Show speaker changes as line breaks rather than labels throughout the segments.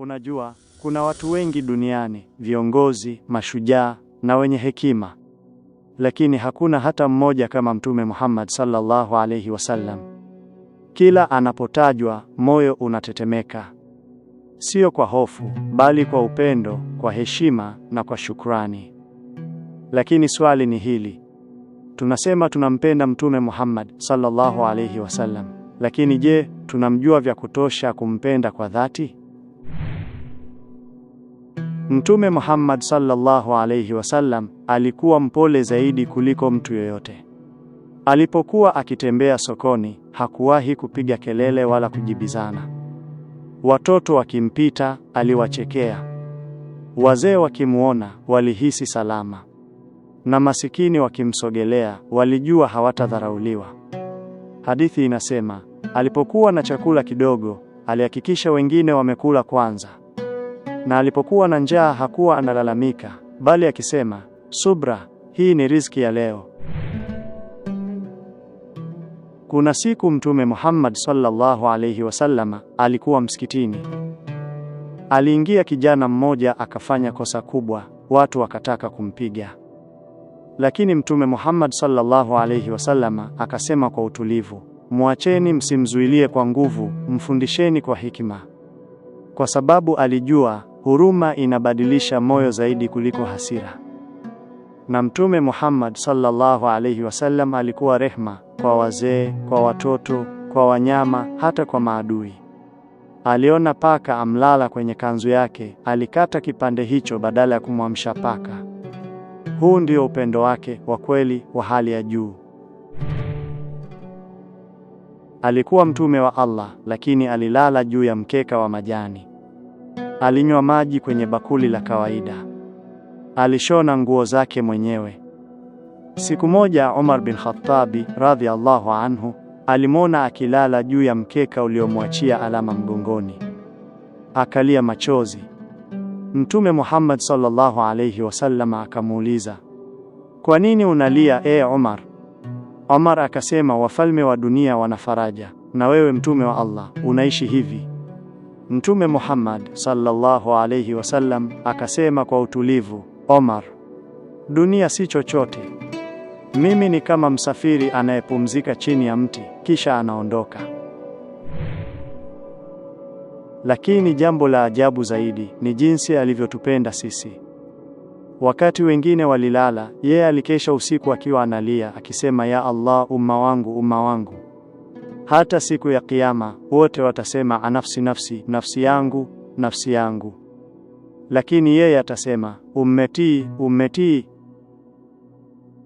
Unajua, kuna watu wengi duniani, viongozi, mashujaa na wenye hekima, lakini hakuna hata mmoja kama Mtume Muhammad sallallahu alaihi wasallam. Kila anapotajwa moyo unatetemeka, sio kwa hofu, bali kwa upendo, kwa heshima na kwa shukrani. Lakini swali ni hili: tunasema tunampenda Mtume Muhammad sallallahu alaihi wasallam, lakini je, tunamjua vya kutosha kumpenda kwa dhati?
Mtume Muhammad sallallahu alayhi wasallam alikuwa mpole zaidi kuliko mtu yoyote. Alipokuwa akitembea sokoni, hakuwahi kupiga kelele wala kujibizana. Watoto wakimpita, aliwachekea. Wazee wakimwona, walihisi salama. Na masikini wakimsogelea, walijua hawatadharauliwa. Hadithi inasema, alipokuwa na chakula kidogo, alihakikisha wengine wamekula kwanza na alipokuwa na njaa hakuwa analalamika, bali akisema, subra, hii ni riziki ya leo. Kuna siku Mtume Muhammad sallallahu alayhi wasallam alikuwa msikitini. Aliingia kijana mmoja akafanya kosa kubwa, watu wakataka kumpiga, lakini Mtume Muhammad sallallahu alayhi wasallam akasema kwa utulivu, mwacheni, msimzuilie kwa nguvu, mfundisheni kwa hikima kwa sababu alijua huruma inabadilisha moyo zaidi kuliko hasira. Na Mtume Muhammad sallallahu alaihi wasallam alikuwa rehma kwa wazee, kwa watoto, kwa wanyama, hata kwa maadui. Aliona paka amlala kwenye kanzu yake, alikata kipande hicho badala ya kumwamsha paka. Huu ndio upendo wake wa kweli wa hali ya juu. Alikuwa mtume wa Allah, lakini alilala juu ya mkeka wa majani. Alinywa maji kwenye bakuli la kawaida. Alishona nguo zake mwenyewe. Siku moja Omar bin Khattabi radhiallahu anhu alimwona akilala juu ya mkeka uliomwachia alama mgongoni. Akalia machozi. Mtume Muhammad sallallahu alayhi wasallam akamuuliza, kwa nini unalia, ee Omar? Omar akasema, wafalme wa dunia wana faraja, na wewe mtume wa Allah unaishi hivi. Mtume Muhammad sallallahu alayhi wasallam akasema kwa utulivu, Omar, dunia si chochote. Mimi ni kama msafiri anayepumzika chini ya mti kisha anaondoka. Lakini jambo la ajabu zaidi ni jinsi alivyotupenda sisi. Wakati wengine walilala, yeye alikesha usiku akiwa analia akisema, ya Allah, umma wangu, umma wangu. Hata siku ya Kiyama wote watasema anafsi, nafsi, nafsi yangu, nafsi yangu, lakini yeye atasema ummetii, ummetii.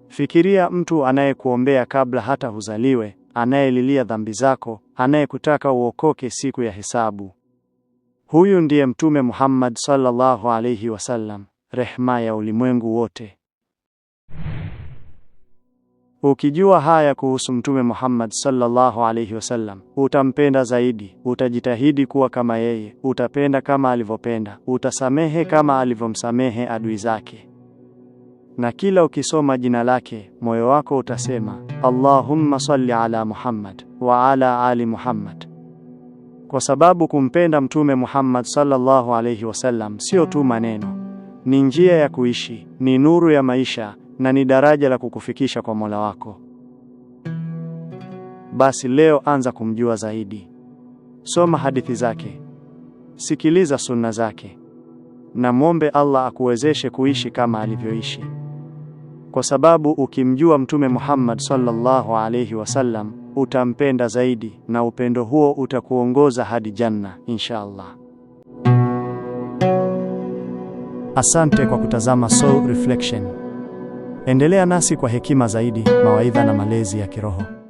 Fikiria mtu anayekuombea kabla hata huzaliwe, anayelilia dhambi zako, anayekutaka uokoke siku ya hesabu. Huyu ndiye Mtume Muhammad sallallahu alayhi wasallam, rehma ya ulimwengu wote. Ukijua haya kuhusu Mtume Muhammad sallallahu alaihi wasallam, utampenda zaidi, utajitahidi kuwa kama yeye, utapenda kama alivyopenda, utasamehe kama alivyomsamehe adui zake, na kila ukisoma jina lake moyo wako utasema Allahumma salli ala Muhammad wa ala ali Muhammad, kwa sababu kumpenda Mtume Muhammad sallallahu alaihi wasallam sio tu maneno, ni njia ya kuishi, ni nuru ya maisha na ni daraja la kukufikisha kwa Mola wako. Basi leo anza kumjua zaidi. Soma hadithi zake, sikiliza sunna zake, na mwombe Allah akuwezeshe kuishi kama alivyoishi, kwa sababu ukimjua Mtume Muhammad sallallahu alayhi wasallam utampenda zaidi, na upendo huo utakuongoza hadi janna insha Allah.
Asante kwa kutazama Soul Reflection. Endelea nasi kwa hekima zaidi, mawaidha na malezi ya kiroho.